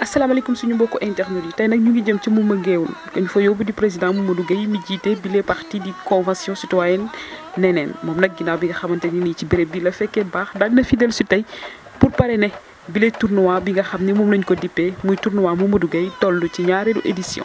alaykum suñu mbokku internet yi tay nak ñu ngi jëm ci geewul fa président Mamadou Gueye mi jité parti di convention citoyenne neneen mom nak ginaaw bi nga ni ci bi la baax na pour bi tournoi bi Gueye édition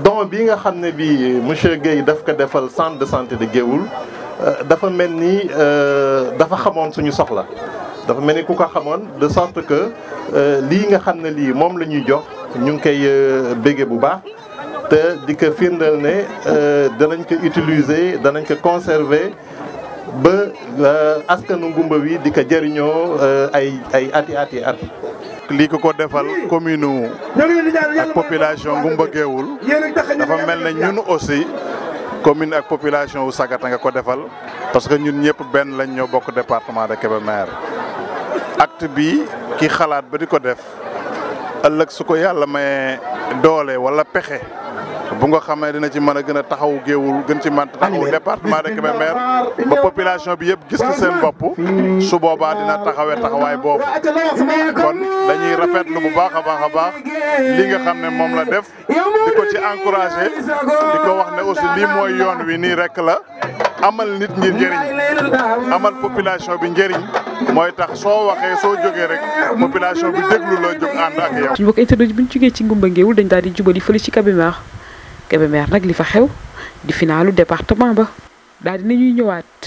don bi nga xamné bi euh, monsieur Guèye daf ko defal centre de santé de Géoul dafa melni euh dafa euh, xamone suñu soxla dafa melni kuka xamone de sorte que euh, li nga xamné li mom lañuy jox ñu ngi koy bége bu baax té di findal né euh danañ ko utiliser danañ ko conserver ba euh, askanu ngumba wi di ko jëriñoo euh, ay ay ati ati at lii ko ko defal commune ak population ngumba géewul dafa mel ne ñun aussi commune ak population wu sagata nga ko defal parce que ñun ñëpp benn lañ ñoo bokk département de maire acte bi ki xalaat ba di ko def ëllëg su ko yàlla may doole wala pexe bu nga xam ne dina ci mën a gën a taxaw géewul gën ci mën a taxaw département de Kébémer ba population bi yëpp gis ci seen bopp su boobaa dina taxawee taxawaay boobu kon dañuy rafetlu bu baax a baax a baax li nga xam ne moom la def di ko ci encouragé di ko wax ne aussi lii mooy yoon wi nii rek la amal nit ñi njëriñ amal population bi njëriñ mooy tax soo waxee soo jógee rek population bi déglu la jóg ànd ak yow. suñu mbokk internet bi ñu ci Ngoumba Ngeewul dañ daal di ci Kébémer Kébémer nak li fa xew di finalu département ba dal dina ñuy ñëwaat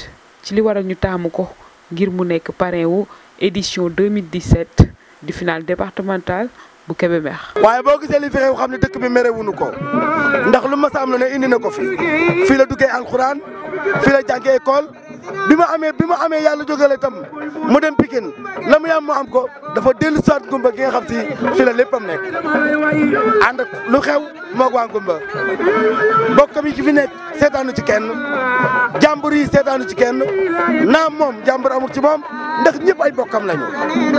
ci li wara ñu taamu ko ngir mu nekk parrain wu édition 2017 di final départemental bu mer. waye bo gisee li fi xew dëkk bi merewuñu ko ndax lu ma saam lu ne indi na ko fi la duggé alcorane fi la jàngee école bi ma amee bi ma amee yàlla jógale tam mu dem Pikine la mu yam mu am ko dafa dellu soit gumba gi xam si fi la léppam nekk ànd ak lu xew moog waa gumba bokkam yi ci fi nekk seetaanu ci kenn jàmbur yi seetaanu ci kenn naam moom jàmbur amul ci moom ndax ñëpp ay bokkam lañu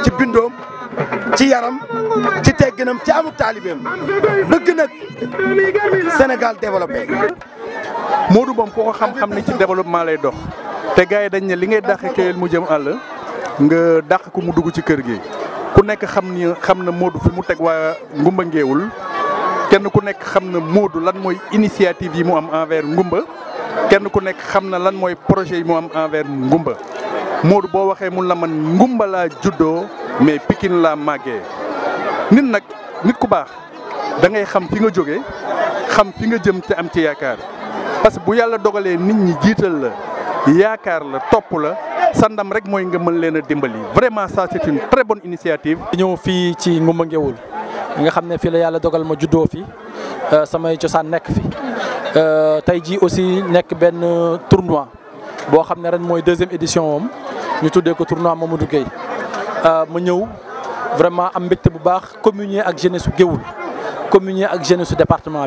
ci bindoom ci yaram ci tegginam ci amuk taalibeem bëgg nag Sénégal développé Modou moom ku ko xam-xam ni ci développement lay dox te gars yi dañ ne li ngay dàq kéwél mu jëm àll nga dàq ko mu dugg ci kër gi ku nekk xam ni xam na Modou fi mu teg waa Ngumba Ngéewul kenn ku nekk xam na Modou lan mooy initiative yi mu am envers Ngumba kenn ku nekk xam na lan mooy projet yi mu am enver Ngumba Modou boo waxee mun la man Ngumba laa juddoo mais pikin laa màggee nit nag nit ku baax da ngay xam fi nga jóge xam fi nga jëm te am ci yaakaar. parce que si avez nit ñi gens la la dimbali vraiment ça c'est une très bonne initiative. Nous sommes ci nguma ngeewul nga fi la dogal ma fi euh, samay euh, aussi un tournoi bo ren deuxième édition wam ñu tuddé ko tournoi Mamadou Gueye euh, ma vraiment am beaucoup bu baax communier ak jeunesse communier ak jeunesse département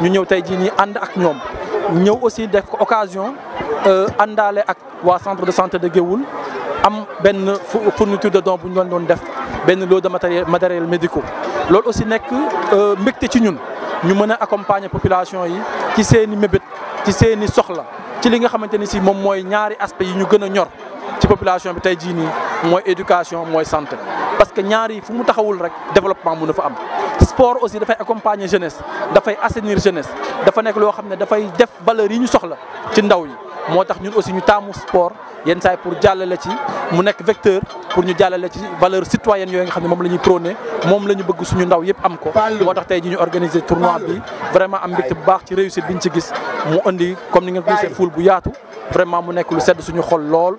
ñu ñëw tey jii nii ak ñom ñëw aussi def ko occasion andalé euh, ak wa centre de santé de Géoul am benn fourniture de dons bu ñu doon def ben lot de matériel matériel médical lool aussi nekk euh, mbecté ci ñun ñu mëna accompagner population yi ci seen i ci seen soxla ci li nga xamante ci si moy ñaari aspect yi ñu gëna ñor ci population bi tey jii nii éducation moy santé parce que ñaari fu mu taxawul rek développement mu na fa am sport aussi dafay accompagner jeunesse dafay assainir jeunesse dafa nek lo xamne ne dafay def valeur yi ñu soxla ci ndaw yi motax ñun aussi ñu taamu sport yenn say pour jallale ci mu nek vecteur pour ñu jallale ci valeur citoyenne yo nga xamne mom lañuy la mom lañu bëgg suñu ndaw yépp am ko. motax tay ji ñu organiser tournoi bi vraiment am mbégte bu baax ci réussite biñ ci gis mu andi comme ni nga ko gisee foule bu yaatu vraiment mu nek lu sedd suñu xol lool.